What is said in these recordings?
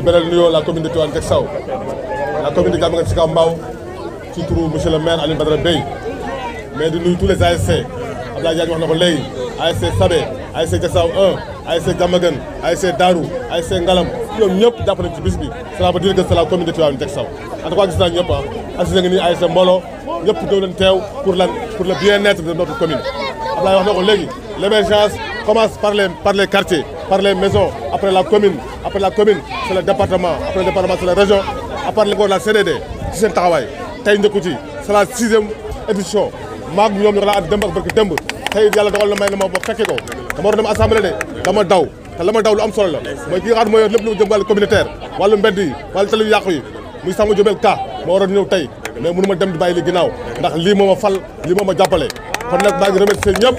di beral nuyoo la commune de Tivaouane Diack la commune de Diamaguène Sicap Mbao ci turu monsieur le maire Alioune Badara Bey. mais de nous tous les ASC Abdoulaye Diagne wax na ko ASC Sabé ASC Diack 1 ASC Gamagan, ASC Darou ASC Ngalam ñoom ñëpp jàpp nañ ci bis bi cela veut dire que c'est la commune de Tivaouane Diack Sao en tout cas gis naa ñëpp ah assisté nga ASC Mbolo ñëpp ñëw leen teew pour lan pour le bien-être de notre commune Abdoulaye wax na ko l'émergence commence par les, par les quartiers, par les maisons, après la commune, après la commune, c'est le département, après le département, c'est la région, après l'école, la CDD, c'est le travail. C'est la sixième édition. maag ñoom ñu xalaat démb ak barki démb tey yàlla dogal na may na ma bokk fekke ko dama war a assemblée de dama daw te la ma daw lu am solo la mooy ki nga xam mooy lu jëm communautaire wàllu mbedd yi wàllu tali yu yàqu yi muy Samba Diobel Ka ma waroon ñëw tey mais mënu ma dem di bàyyi li ginnaaw ndax lii moo fal lii moo ma jàppale kon nag maa ngi remercier ñëpp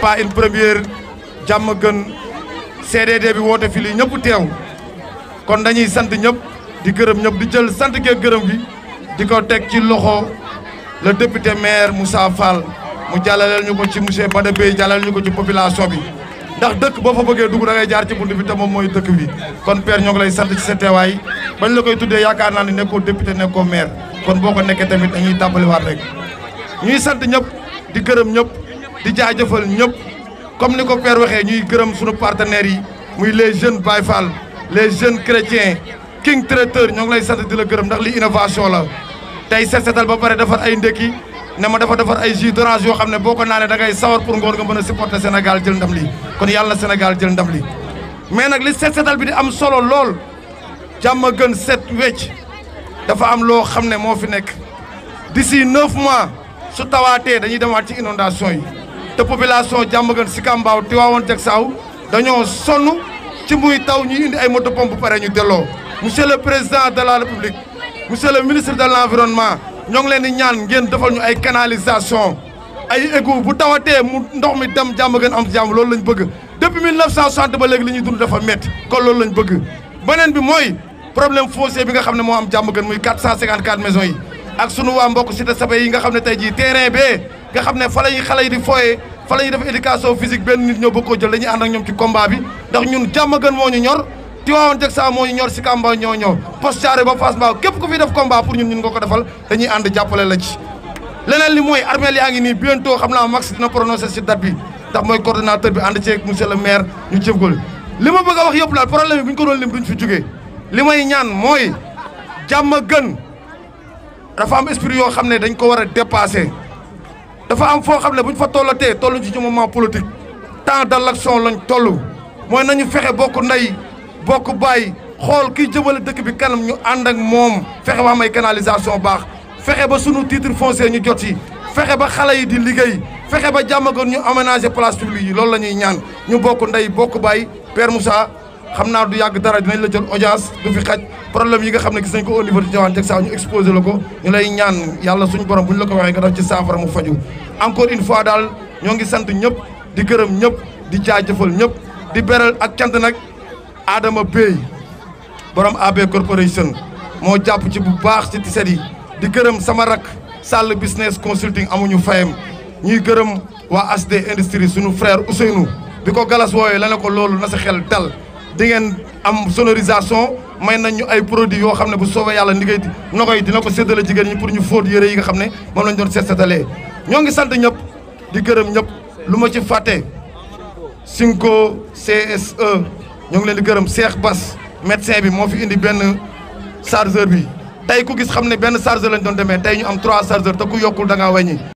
pas une première jàmm gën CDD bi woote fi lii ñëpp teew kon dañuy sant ñëpp di gërëm ñëpp di jël sant kee gërëm gi di ko teg ci loxo le député maire Moussa Fall mu jàllaleel ñu ko ci monsieur Badabé jàllaleel ñu ko ci population bi ndax dëkk boo fa bëggee dugg da jaar ci bunt bi te moom mooy dëkk bi kon père ñoo lay sant ci sa teewaay bañ la koy tuddee yaakaar naa ne nekkoo député nekkoo maire kon boo ko nekkee tamit dañuy tàmbaliwaat rek ñuy sant ñëpp di gërëm ñëpp. di jaajëfal ñëpp comme ni ko père waxee ñuy gërëm suñu partenaires yi muy les jeunes Baye Fall les jeunes chrétiens King Traiteur ñoo ngi lay sant di la gërëm ndax li innovation la tey set setal ba pare defar ay ndekki ne ma dafa defar ay jus d'orange yoo xam ne boo ko naanee dangay ngay sawar pour ngoon nga mën a supporter Sénégal jël ndam li kon yàlla senegal jël ndam li mais nag li set setal bi di am solo lool jàmm gën set wecc dafa am loo xam ne moo fi nekk d'ici neuf mois su tawaatee dañuy demaat ci inondation yi te population Diamaguène Sicap Mbao Tivaouane Diacksao dañoo sonn ci muy taw ñu indi ay moto pompe pare ñu delloo monsieur le président de la république monsieur le ministre de l'environnement ñoo ngi leen di ñaan ngeen defal ñu ay canalisation ay égout bu tawatee mu ndox mi dem Diamaguène am jàmm lool lañ bëgg depuis 1960 ba léegi li ñuy dund dafa métti kon loolu lañ bëgg beneen bi mooy problème foncier bi nga xam ne moo am Diamaguène muy 454 maisons yi ak sunu waa mbokk Cité Saba yi nga xam ne tey jii terrain bee nga xam ne fa lañuy xale yi di fooyee fa lañuy def éducation physique benn nit ñoo bëgg koo jël dañuy ànd ak ñoom ci combat bi ndax ñun jàmm gën moo ñu ñor Tivaouane Diacksao moo ñu ñor si Kamba ñoo ñëw post carré ba Fass Mbao képp ku fi def combat pour ñun ñun nga ko defal dañuy ànd jàppale la ci leneen li mooy armeel yaa ngi nii bientôt xam naa Max dina prononcé si date bi ndax mooy coordonnateur bi ànd ceeg li ma bëgg wax yëpp laal problème bi bu ñu ko doon lim duñ li may ñaan mooy jàmm gën dafa am esprit yoo xam ne dañ ko war a dépasser dafa am foo xam ne bu ñu fa tollatee tolluñ ci ci moment politique temps d'élection lañ toll mooy nañu fexe bokk ndey bokk bàyyi xool kiy jëmale dëkk bi kanam ñu ànd ak moom fexe ba may ay canalisation baax fexe ba sunu titre foncier ñu jot yi fexe ba xale yi di liggéey fexe ba jàmmagoon ñu aménager place yi loolu la ñuy ñaan ñu bokk ndey bokk bàyyi Père Moussa xamna du yag dara dinañ la jël audience du fi xaj problème yi nga xamne ne gis nañ ko au niveau diwan tek sa ñu exposer lako ñu lay ñaan yalla suñu borom buñ la ko nga daf ci safara mu faju encore une fois dal ñoo ngi sant ñep di gëreum ñep di jaajeufal ñep di beral ak cant nak Adama Bey borom AB Corporation mo japp ci bu baax ci tisset yi di gëreum sama rak sal business consulting amuñu fayam ñuy gëreum wa asd industrie suñu frère Ousseynou bi galas wooyee la ne ko loolu na sa xel dal di ngeen am sonorisation may nañ ñu ay produits yoo xam ne bu soobee yàlla ndigay nogoy dina ko séddale jigéen ñi pour ñu fóot yére yi nga xam ne moom lañ doon seet seetalee ñoo ngi sant ñëpp di gërëm ñëpp lu ma ci fàtte Cinco CSE ñoo ngi leen di gërëm Cheikh Bass médecin bi moo fi indi benn chargeur bi tey ku gis xam ne benn chargeur lañ doon demee tey ñu am trois chargeurs te yokkul da ngaa wàññi